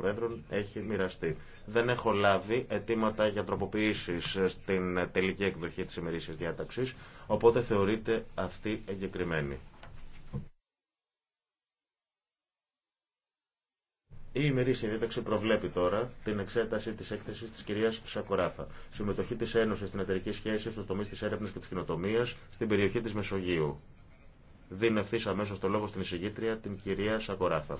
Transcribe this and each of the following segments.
Προέδρων έχει μοιραστεί. Δεν έχω λάβει αιτήματα για τροποποιήσει στην τελική εκδοχή τη ημερήσια διάταξη, οπότε θεωρείται αυτή εγκεκριμένη. Η ημερήσια διάταξη προβλέπει τώρα την εξέταση τη έκθεση τη κυρία Σακοράφα. Συμμετοχή τη Ένωση στην εταιρική σχέση στου τομεί τη έρευνα και τη κοινοτομία στην περιοχή τη Μεσογείου. Δίνω ευθύ αμέσω το λόγο στην εισηγήτρια, την κυρία Σακοράφα.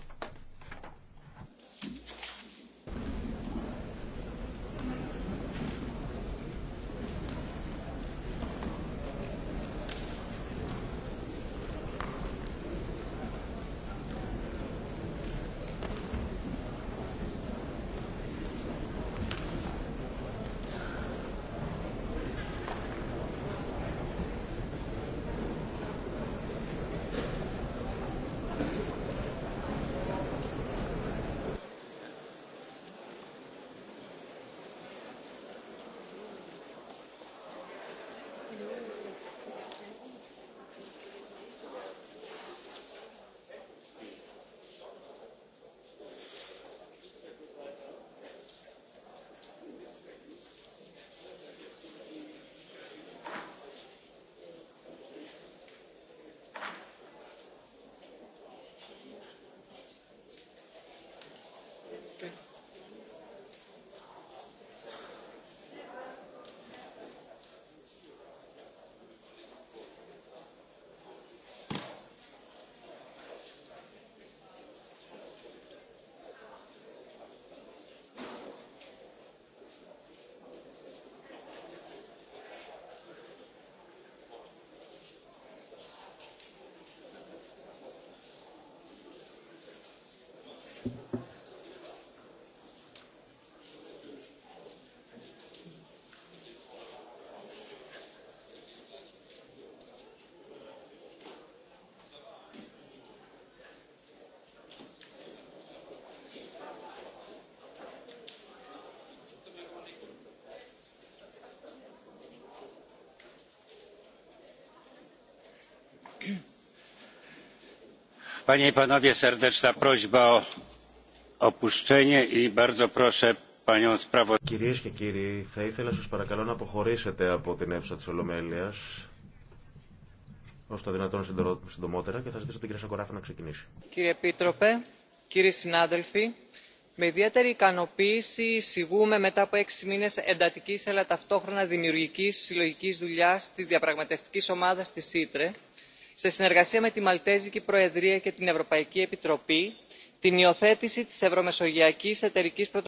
Panie Κυρίες και κύριοι, θα ήθελα σας παρακαλώ να αποχωρήσετε από την αίθουσα της Ολομέλειας ως το δυνατόν συντομότερα και θα ζητήσω την κυρία Σακοράφα να ξεκινήσει. Κύριε Επίτροπε, κύριοι συνάδελφοι, με ιδιαίτερη ικανοποίηση εισηγούμε μετά από έξι μήνε εντατική αλλά ταυτόχρονα δημιουργικής συλλογικής δουλειάς της διαπραγματευτικής ομάδας της ήτρε σε συνεργασία με τη μαλτέζικη προεδρία και την ευρωπαϊκή επιτροπή την υιοθέτηση της ευρωμεσογειακής εταιρικής πρωτοβουλίας.